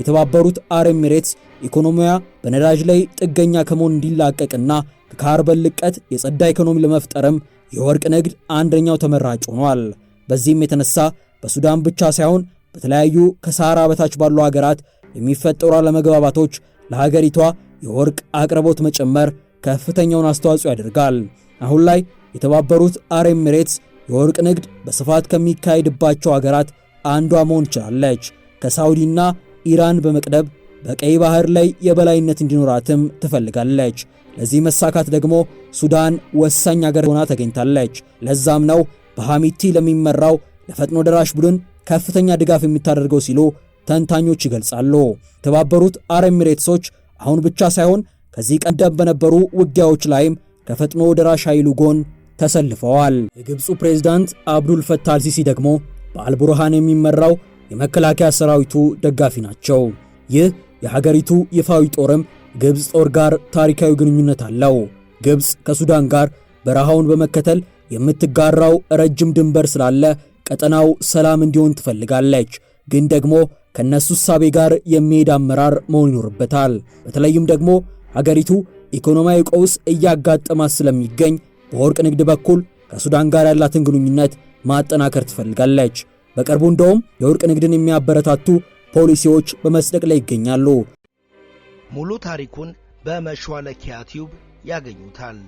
የተባበሩት አረብ ኤሚሬትስ ኢኮኖሚያ በነዳጅ ላይ ጥገኛ ከመሆን እንዲላቀቅና ከካርበን ልቀት የጸዳ ኢኮኖሚ ለመፍጠርም የወርቅ ንግድ አንደኛው ተመራጭ ሆኗል። በዚህም የተነሳ በሱዳን ብቻ ሳይሆን በተለያዩ ከሳራ በታች ባሉ ሀገራት የሚፈጠሩ አለመግባባቶች ለሀገሪቷ የወርቅ አቅርቦት መጨመር ከፍተኛውን አስተዋጽኦ ያደርጋል። አሁን ላይ የተባበሩት አረብ ኤሚሬትስ የወርቅ ንግድ በስፋት ከሚካሄድባቸው ሀገራት አንዷ መሆን ችላለች። ከሳውዲና ኢራን በመቅደብ በቀይ ባህር ላይ የበላይነት እንዲኖራትም ትፈልጋለች። ለዚህ መሳካት ደግሞ ሱዳን ወሳኝ አገር ሆና ተገኝታለች። ለዛም ነው በሐሚቲ ለሚመራው ለፈጥኖ ደራሽ ቡድን ከፍተኛ ድጋፍ የሚታደርገው ሲሉ ተንታኞች ይገልጻሉ። የተባበሩት አረብ ኤሚሬትሶች አሁን ብቻ ሳይሆን ከዚህ ቀደም በነበሩ ውጊያዎች ላይም ከፈጥኖ ደራሽ ኃይሉ ጎን ተሰልፈዋል። የግብፁ ፕሬዝዳንት አብዱል ፈታህ አልሲሲ ደግሞ በአልቡርሃን የሚመራው የመከላከያ ሰራዊቱ ደጋፊ ናቸው። ይህ የሀገሪቱ ይፋዊ ጦርም ግብፅ ጦር ጋር ታሪካዊ ግንኙነት አለው። ግብፅ ከሱዳን ጋር በረሃውን በመከተል የምትጋራው ረጅም ድንበር ስላለ ቀጠናው ሰላም እንዲሆን ትፈልጋለች። ግን ደግሞ ከነሱ እሳቤ ጋር የሚሄድ አመራር መሆን ይኖርበታል። በተለይም ደግሞ ሀገሪቱ ኢኮኖሚያዊ ቀውስ እያጋጠማት ስለሚገኝ በወርቅ ንግድ በኩል ከሱዳን ጋር ያላትን ግንኙነት ማጠናከር ትፈልጋለች። በቅርቡ እንደውም የወርቅ ንግድን የሚያበረታቱ ፖሊሲዎች በመጽደቅ ላይ ይገኛሉ። ሙሉ ታሪኩን በመሿለኪያ ቲዩብ ያገኙታል።